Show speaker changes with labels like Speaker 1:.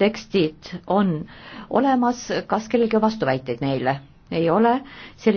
Speaker 1: tekstid on olemas, kas kellelgi on vastuväiteid neile? ei ole, sellisel